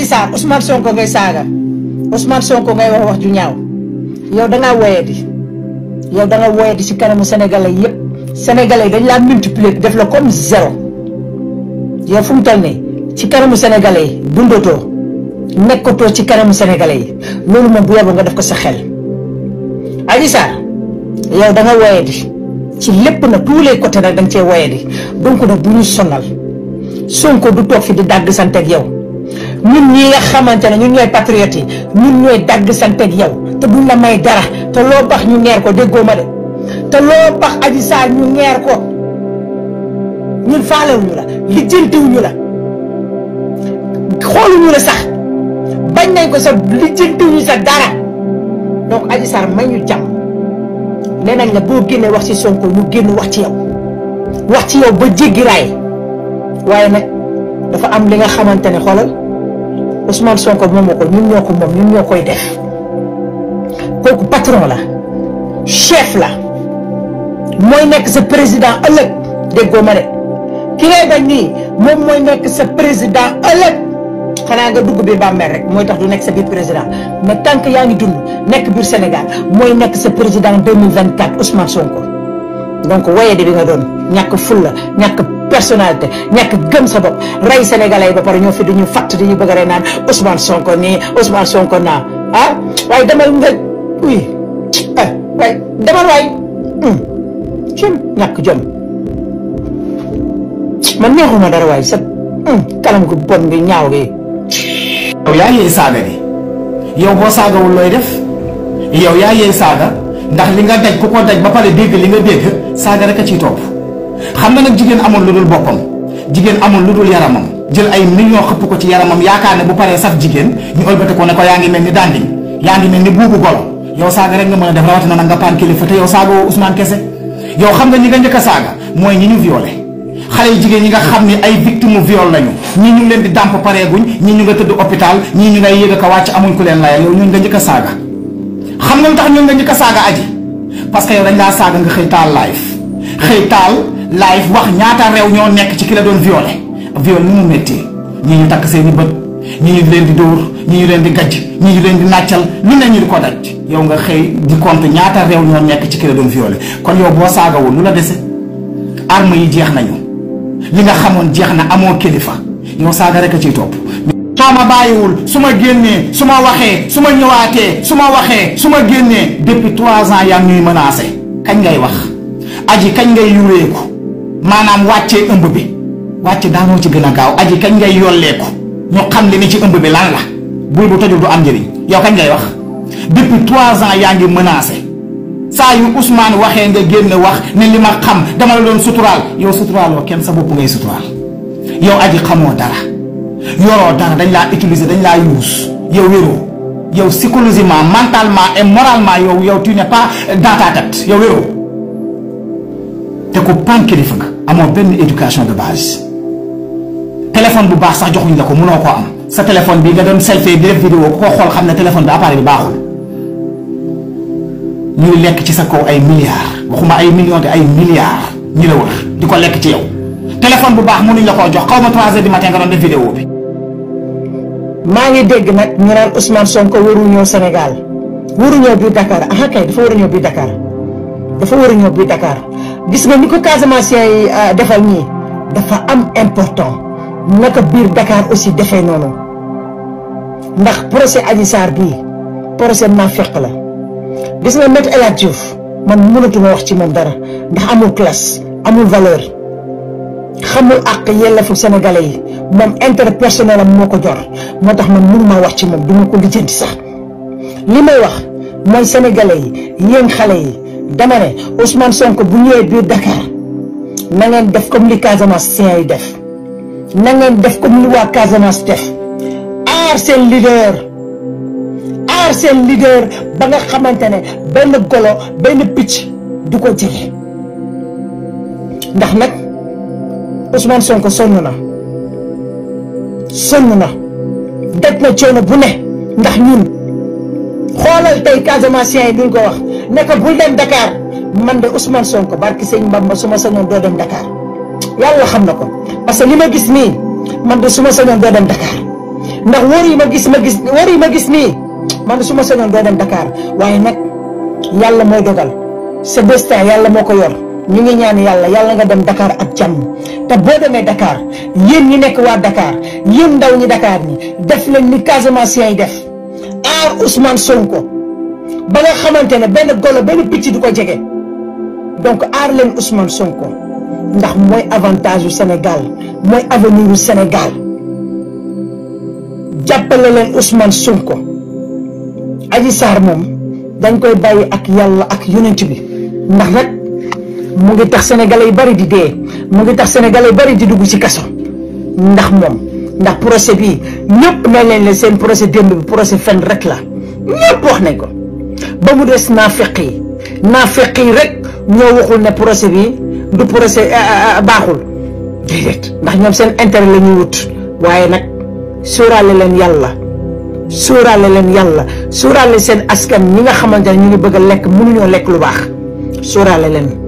Adji Sarr Ousmane Sonko ngay saaga Ousmane Sonko ngay wax ju ñaaw yow da ngaa woyadi yow da nga woyadi ci kanamu sénégalais yëpp sénégalais dañ laa multiplier def la comme zéro yow fu mu nii ci kanamu sénégalais yi dundatoo nekkatoo ci kanamu sénégalais yi loolu moom bu yeboo nga def ko sa xel. Adji Sarr yow da nga woyadi lépp na tous les nag da cee woyadi donc nag bu ñu sonal Sonko du toog fi di dàgg santeeg yow. ñun ñi nga xamante ne ñun ñooy patriote yi ñun ñooy dagg santeeg yow te du la may dara te loo bax ñu ngeer ko déggoo ma de te loo bax Adji Sarr ñu ngeer ko ñun faalewuñu la lijjantiwuñu la xooluñu la sax bañ nañ ko sa lijjantiwuñu sa dara donc Adji Sarr may ñu jàmm nee nañ la boo génnee wax ci Sonko ñu génn wax ci yow wax ci yow ba jéggi raay waaye nag dafa am li nga xamante ne xoolal Ousmane Sonko moo ko ñun ñoo ko moom ñun ñoo koy def kooku patron la chef la mooy nekk sa président ëllëg déggoo ma de ki ngay bañ nii moom mooy nekk sa président ëllëg xanaa nga dugg biir bàmmeel rek mooy tax du nekk sa biir président mais tant yaa ngi dund nekk biir Sénégal mooy nekk sa président 2024 Ousmane Sonko donc waye de bi nga doon ñàkk fulla ñàkk personnalité ñàkk gëm sa bopp rey sénégalais yi ba pare ñoo fi duñu fatt di ñu bëgg a rey naan Ousmane Sonko nii Ousmane Sonko naa ah waaye demal nga oui ah waaye demal waay hmm. jom man neexuma dara waay sa hmm, kanam gu bon bi ñaaw gi yow yaa yey saaga bi yow boo saagawul looy def yow yaa yey saaga ndax li nga daj ku ko daj ba pare dégg li nga dégg saaga rek a ciy topp xam nga nag jigéen amul lu dul boppam jigéen amul lu dul yaramam jël ay millions xëpp ko ci yaramam yaakaar ne bu paree sax jigéen ñu ëlbate ko ne ko yaa ngi mel ni dàndiñ yaa ngi mel ni buubu golo yow saaga rek nga mën a def rawatina nag nga paan kilifa te yow saaga woo Ousmane Kese yow xam ne ñi nga njëkk a saaga mooy ñi ñu violé xale yu jigéen ñi nga xam ne ay victime viol lañu ñii ñu ngi leen di dàmp pareeguñ ñii ñu nga tëdd hôpital ñii ñu ngay yëg ak a wàcc amuñ ku leen layal yow ñun nga a saaga xam nga lu tax a saaga aji que yow dañ laa nga xëy taal live xëy taal live wax ñaata réew ñoo nekk ci kila la doon violé viol ni mu méttee ñi ñu takk seen i bët ñi ñu leen di dóor ñi ñu leen di gajj ñi ñu leen di nàccal lu ne ñu di ko daj yow nga xëy di compte ñaata réew ñoo nekk ci ki la doon violé kon yow boo saagawul lu la dese arme yi jeex nañu li nga xamoon jeex na amoo kilifa yow saaga rek a ciy topp soo ma bàyyiwul su ma génnee su ma waxee su ma ñëwaatee su ma waxee su ma génnee depuis trois ans yaa ngi ñuy kañ ngay wax aji maanaam wàccee ëmb bi wàcc daanoo ci gën a gaaw aji kañ ngay yolleeku ñu xam li ni ci ëmb bi lan la bul bu tojul du am njëriñ yow kañ ngay wax depuis trois ans yaa ngi menacé saa yu Ousmane waxee nga génn wax ne li ma xam dama la doon suturaal yow suturaaloo kenn sa bopp ngay suturaal yow aji xamoo dara yoroo dara dañ laa utiliser dañ laa yuus yow wéroo yow psychologiquement mentalement et moralement yow yow tu n'es pas wéroo ko pan kilifa nga amoo benn éducation de base téléphone bu baax sax joxuñ la ko mënoo koo am sa téléphone bi nga doon selfie di def vidéo ku ko xool xam ne téléphone bi appareil bi baaxul ñuy lekk ci sa kaw ay milliards waxuma ay millions de ay milliards ñu la wër di ko lekk ci yow téléphone bu baax mënuñ la koo jox xaw ma 3 heures matin nga doon def vidéo bi. maa ngi dégg nag ñu naan Ousmane Sonko waru ñëw Sénégal waru bi Dakar ah dafa war a ñëw gis nga ni ko Casamançais yi euh, defal nii dafa am important naka biir dakaar aussi defe noonu ndax procès Adji Sarr bii procès naafeq la gis nga Maître El man mënatuma wax ci moom dara ndax amul classe amul valeur xamul ak yellefu sénégalais yi moom intérêt personnel am moo ko jor moo tax man mënuma wax ci moom duma ko lijjanti sax li may wax mooy sénégalais yi yéen xale yi dama ne Ousmane Sonko bu ñëwee biir Dakar na ngeen def comme li Casamance siens def na ngeen def comme li waa Casamance def aar seen leader aar seen leader ba nga xamante ne benn golo benn picc du ko jege ndax nag Ousmane Sonko sonn na sonn na daj na coono bu ne ndax ñun. xoolal tey Casamançais yi duñ ko wax ne ko dem Dakar man de Ousmane Sonko barki sëñ Mbamba su ma sañoon doo dem Dakar yàlla xam na ko parce que li ma gis nii man de su ma sañoon doo dem ndax wóor yi ma gis ma gis wóor yi ma gis nii man de su ma sañoon doo dem Dakar waaye nag yàlla mooy dogal sa destin yàlla moo ko yor ñu ngi ñaan yàlla yàlla nga dem dakaar ak jàmm te boo demee Dakar yéen ñi nekk waa Dakar yéen ndaw ñi Dakar ñi def nañ ni Casamançais yi def. aar Ousmane Sonko ba nga xamante ne benn golo benn picc du ko jege donc aar leen Ousmane Sonko ndax mooy avantage yu Sénégal mooy avenir yu Sénégal jàppale leen Ousmane Sonko Adji Sarr moom dañ koy bàyyi ak yàlla ak yonent bi ndax nag mu ngi tax sénégalais yu bari di dee mu ngi tax sénégalais yu bari di dugg ci kaso ndax moom. ndax procès bii ñëpp ne leen ne seen procès démb bi procès fen rek la ñëpp wax nañ ko ba mu des naafeq yi naafeq yi rek ñoo waxul ne procès bi du procès euh, euh, euh, baaxul déedéet ndax ñoom seen intérêt la wut waaye nag sóoraale leen yàlla sóoraale leen yàlla sóoraale seen askan ñi nga xamante ne ñu ngi bëgg a lekk mënuñoo lekk lu baax sóoraale leen